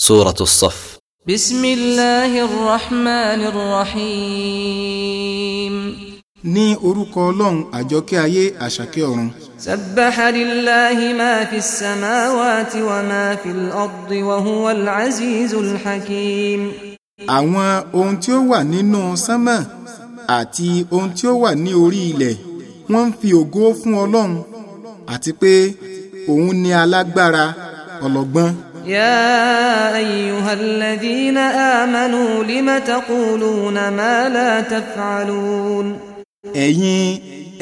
سورة الصف بسم الله الرحمن الرحيم ní orúkọ ọlọ́run àjọkẹ́ ayé àṣàkẹ́ ọ̀run. سبح لله ما في السماوات وما في الأرض وهو العزيز الحكيم. àwọn ohun tí ó wà nínú sánmà àti ohun tí ó wà ní orí ilẹ̀ wọ́n ń fi ògo fún ọlọ́run àti pé òun ni alágbára ọlọ́gbọ́n. يا أيها الذين آمنوا لما تقولون ما لا تفعلون ẹ̀yin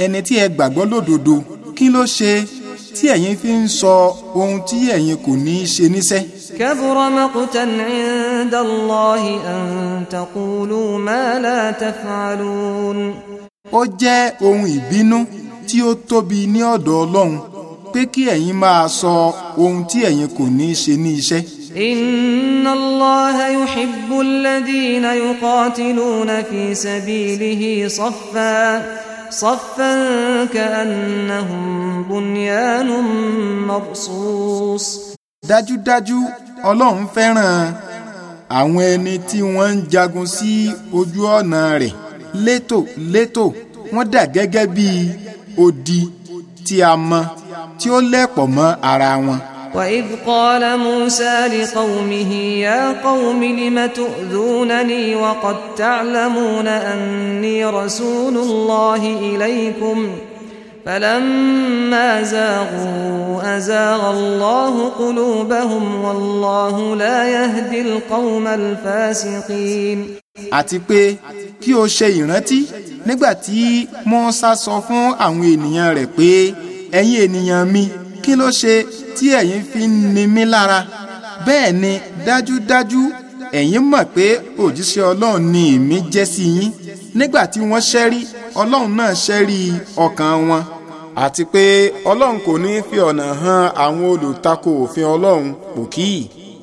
ẹni tí ẹ gbàgbọ́ lódodo kí ló ṣe tí ẹ̀yin fi ń sọ ohun tí ẹ̀yin kò ní í ṣe níṣẹ́. كبر مقتا عند الله أن تقولوا ما لا تفعلون. ó jẹ́ ohun ìbínú tí ó tóbi ní ọ̀dọ̀ Ọlọ́run pé kí ẹ̀yin máa sọ ohun tí ẹ̀yin kò ní í ṣe ní iṣẹ́. إن الله يحب الذين يقاتلون في سبيله صفا صفا كأنهم بنيان مرصوص dájúdájú ọlọ́run fẹ́ràn àwọn ẹni tí wọ́n ń jagun sí ojú ọ̀nà rẹ̀ létòlétò wọ́n dà gẹ́gẹ́ bí odi tí a mọ tí ó lẹ̀pọ̀ mọ́ ara wọn. وإذ قال موسى لقومه يا قوم لم تؤذونني وقد تعلمون أني رسول الله إليكم فلما زاغوا أزاغ الله قلوبهم والله لا يهدي القوم الفاسقين àti kí o ṣe ìrántí nígbà tí Mọ́sá sọ fún àwọn ènìyàn rẹ̀ pé ẹ̀yin ènìyàn mi kí ló ṣe tí ẹ̀yin fi ń ni mí lára bẹ́ẹ̀ ni dájúdájú ẹ̀yin mọ̀ pé òjíṣẹ́ ọlọ́run ni èmi jẹ́ sí yín nígbà tí wọ́n ṣẹ́rí ọlọ́run náà ṣẹ́rí ọkàn wọn àti pé ọlọ́run kò ní fi ọ̀nà hàn àwọn olùtakò òfin ọlọ́run pòkì.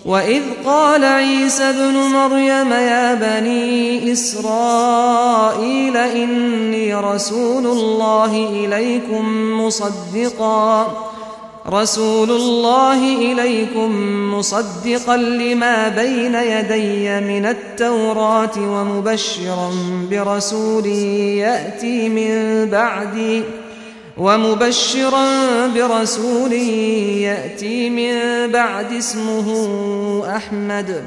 وإذ قال عيسى ابن مريم يا بني إسرائيل إني رسول الله إليكم مصدقا رسول الله إليكم مصدقا لما بين يدي من التوراة ومبشرا برسول يأتي من بعدي ومبشرا برسول يأتي من بعد اسمه أحمد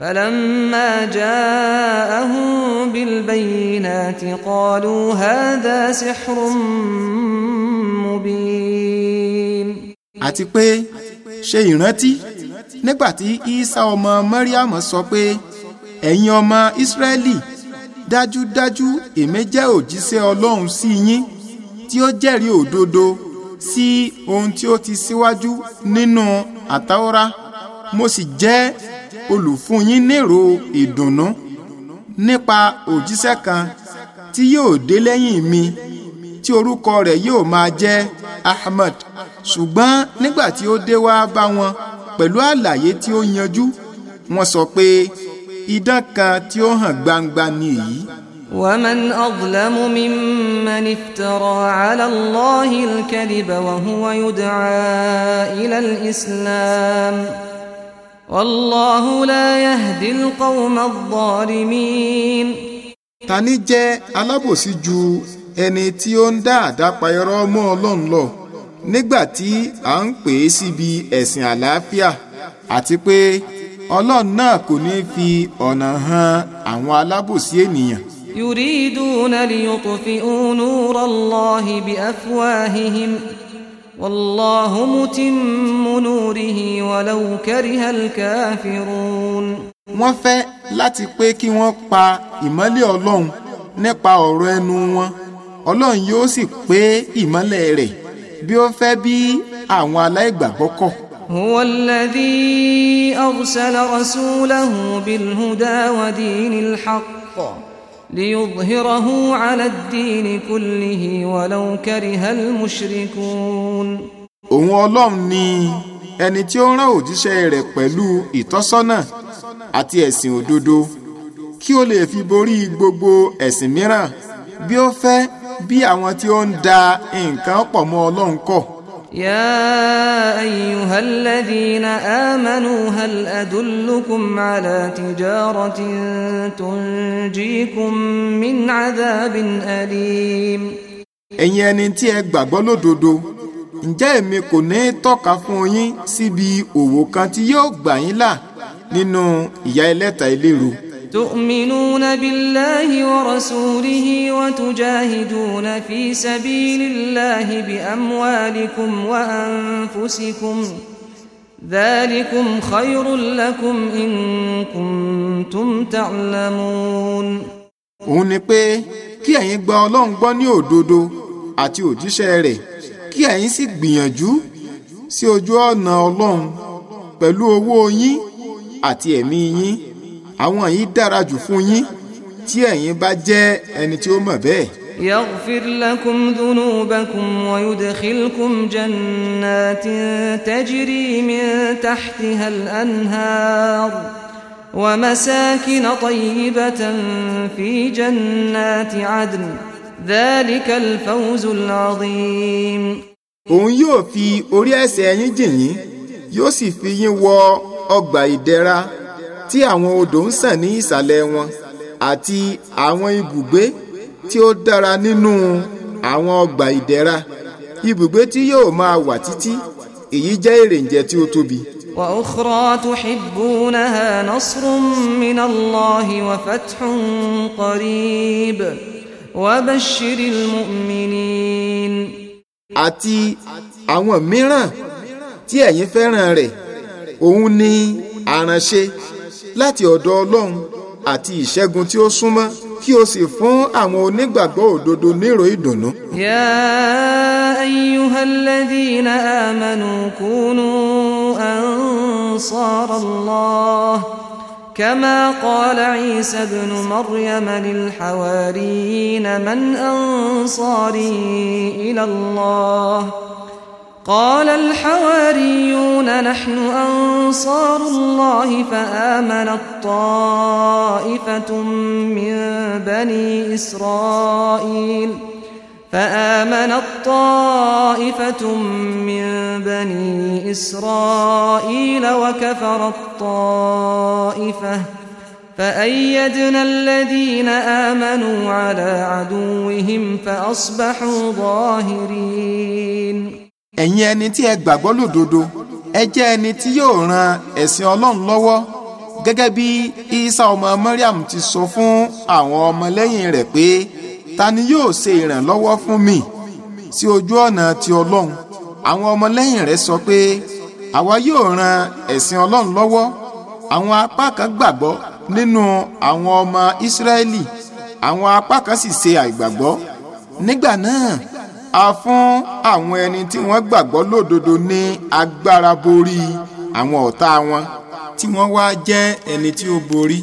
فلما جاءهم بالبينات قالوا هذا سحر مبين àti pé ṣe ìrántí nígbà tí isa ọmọ mariam sọ pé ẹ̀yin ọmọ israẹli dájúdájú èmi jẹ́ òjíṣẹ́ ọlọ́run sí yín tí ó jẹ́rìí òdodo sí ohun tí ó ti síwájú nínú àtàwọ́rá mo sì jẹ́ olùfún yín nírò ìdùnnú nípa òjíṣẹ́ kan tí yóò dé lẹ́yìn mi tí orúkọ rẹ̀ yóò máa jẹ́ Ahmad ṣùgbọ́n nígbà tí ó dé wá bá wọn pẹ̀lú àlàyé tí ó yanjú wọ́n sọ pé idán kan tí ó hàn gbangba ni èyí. ومن أظلم ممن افترى على الله الكذب وهو يدعى إلى الإسلام والله لا يهدي القوم الظالمين ta ni jẹ́ alábòsí ju ẹni tí ó ń dá àdápa irọ́ mọ́ Ọlọ́run lọ nígbà tí à ń pè é síbi ẹ̀sìn àlàáfíà àti pé Ọlọ́run náà kò ní fi ọ̀nà hàn àwọn alábòsí ènìyàn. يريدون ليطفئوا نور الله بأفواههم والله متم نوره ولو كره الكافرون wọ́n fẹ́ láti pé kí wọ́n pa ìmọ́lẹ̀ ọlọ́run nípa ọ̀rọ̀ ẹnu wọn ọlọ́run yóò sì pé ìmọ́lẹ̀ rẹ̀ bí ó fẹ́ bí àwọn aláìgbàgbọ́ kọ̀. هو الذي أرسل رسوله بالهدى ودين الحق ليظهره على الدين كله ولو كره المشركون òun ọlọ́run ni ẹni tí ó rán òjíṣẹ́ rẹ̀ pẹ̀lú ìtọ́sọ́nà àti ẹ̀sìn òdodo kí ó lè fi borí gbogbo ẹ̀sìn mìíràn bí ó fẹ́ bí àwọn tí ó ń da nǹkan pọ̀ mọ́ ọlọ́run kọ̀. يا أيها الذين آمنوا هل أدلكم على تجارة تنجيكم من عذاب أليم ẹ̀yin ẹni tí ẹ gbàgbọ́ lódodo ǹjẹ́ èmi kò ní tọ́ka fún yín síbi òwò kan tí yóò gbà yín là nínú ìyà ẹlẹ́ta eléro. تؤمنون بالله ورسوله وتجاهدون في سبيل الله بأموالكم وأنفسكم ذلكم خير لكم إن كنتم تعلمون òun kí ẹ̀yin gba ọlọ́run gbọ́ ní òdodo àti òjíṣẹ́ rẹ̀ kí ẹ̀yin sì gbìyànjú sí ojú ọ̀nà ọlọ́run pẹ̀lú owó yín àti ẹ̀mí yín àwọn yìí dára jù fún yín tí ẹ̀yin bá jẹ́ ẹni tí ó mọ̀ bẹ́ẹ̀. يغفر لكم ذنوبكم ويدخلكم جنات تجري من تحتها الأنهار ومساكن طيبة في جنات عدن ذلك الفوز العظيم òun yóò fi orí ẹ̀ṣẹ̀ yín jìn yín yóò sì fi yín wọ ọgbà ìdẹ̀ra tí àwọn odò ń sàn ní ìsàlẹ̀ wọn àti àwọn ibùgbé tí ó dára nínú àwọn ọgbà ìdẹ̀ra ibùgbé tí yóò máa wà títí èyí jẹ́ èrèǹjẹ tí ó tóbi. وأخرى تحبونها نصر من الله وفتح قريب وبشر المؤمنين àti àwọn mìíràn tí ẹ̀yin fẹ́ràn rẹ̀ òun ni àránṣe láti ọ̀dọ̀ ọlọ́run àti ìṣẹ́gun tí ó súnmọ́ kí o sì fún àwọn onígbàgbọ́ òdodo nírò ìdùnnú. yá ayyuhalladhina amanu kunu ansarallah kama qala isa ibn maryam lil hawariyina man ansari ila allah. قال الحواريون نحن أنصار الله فآمنت طائفة من بني إسرائيل فآمنت طائفة من بني إسرائيل وكفرت طائفة فأيدنا الذين آمنوا على عدوهم فأصبحوا ظاهرين ẹ̀yin ẹni tí ẹ gbàgbọ́ lódodo ẹ jẹ́ ẹni tí yóò ran ẹ̀sìn ọlọ́run lọ́wọ́ gẹ́gẹ́ bí isa ọmọ mariam ti sọ fún àwọn ọmọlẹ́yìn rẹ̀ pé ta ni yóò ṣe ìrànlọ́wọ́ fún mi sí ojú ọ̀nà ti ọlọ́run àwọn ọmọlẹ́yìn rẹ̀ sọ pé àwa yóò ran ẹ̀sìn ọlọ́run lọ́wọ́ àwọn apá kan gbàgbọ́ nínú àwọn ọmọ ìsírẹ́lì àwọn apá kan sì ṣe àìgbàgbọ́ nígbà náà a fún àwọn ẹni tí wọ́n gbàgbọ́ lódodo ní agbára borí àwọn ọ̀tá wọn tí wọ́n wá jẹ́ ẹni tí ó borí.